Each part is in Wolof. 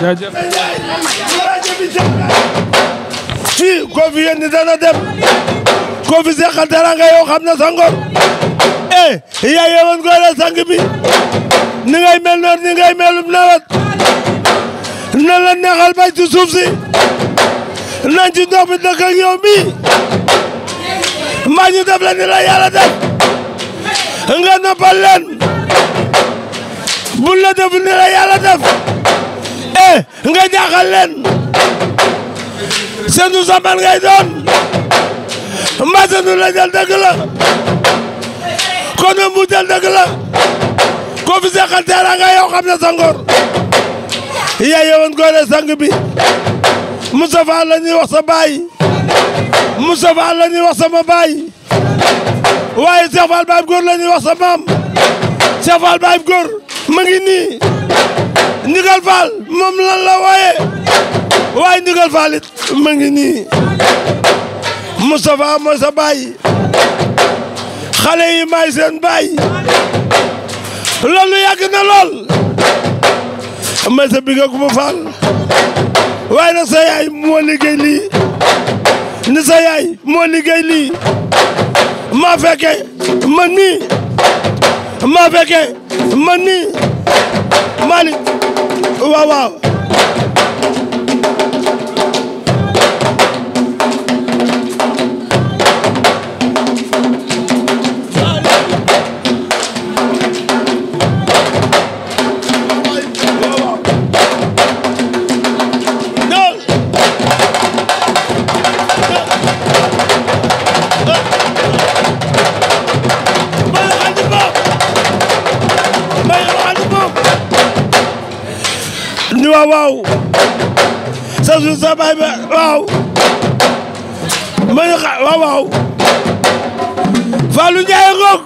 jaajëf rajo bi fii koo fi yéen dana dem koo na sa ngor eh yaa yewoon ko la sang bi mel noonu ni ngay melum na la neexal bay ci suuf si nañ ci ndox def la ni la def nga noppal leen bu la def ni la def eh nga jaaxal leen seenu sambal ngay doon mbaa seenu la jël dëgg la kon bu jël dëgg ko fi seqal teera nga yow xam ne sa ngor yaa yewoon sang bi Moustapha la ñuy wax sa baay Moustapha la ñuy wax sama baay waaye Cheikh Fall Baye Góor la ñuy wax sa maam Cheikh Fall Baye Góor ma ngi nii Ndigal Fall moom lan la wooyee waaye Ndigal Fall ma ngi nii Moustapha mooy sa baay xale yi maay seen baay loolu yàgg na lool sa bigga ku ma waaye nag sa yaay moo liggéey lii ni sa yaay moo liggéey lii maa fekke man nii maa fekke man nii Malick waaw waaw waaw sa suuf sa baay ba waaw ma ne waaw waaw Fallou Ndiaye ngoog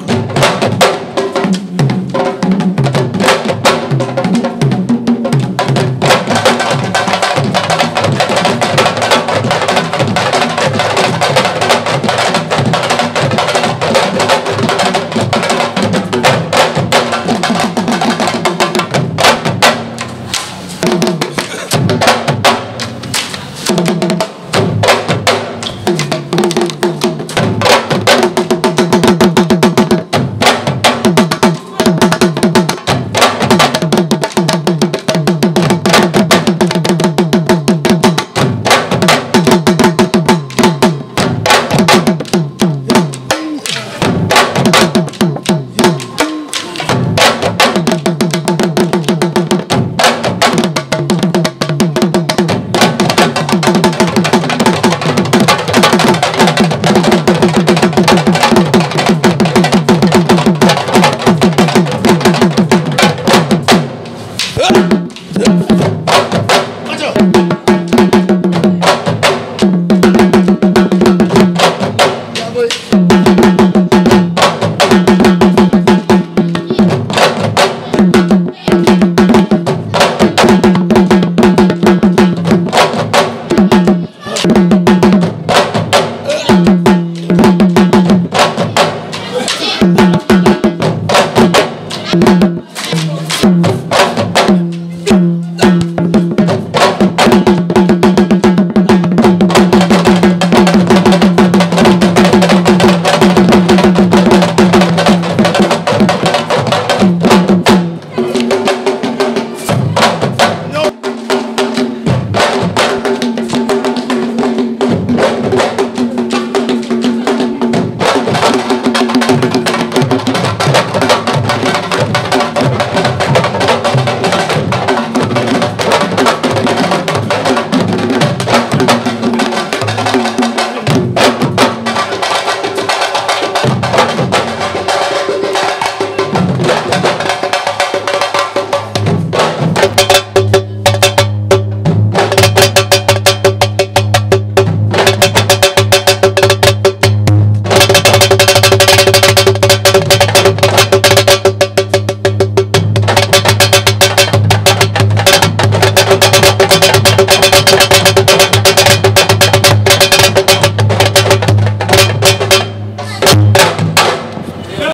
Thank you.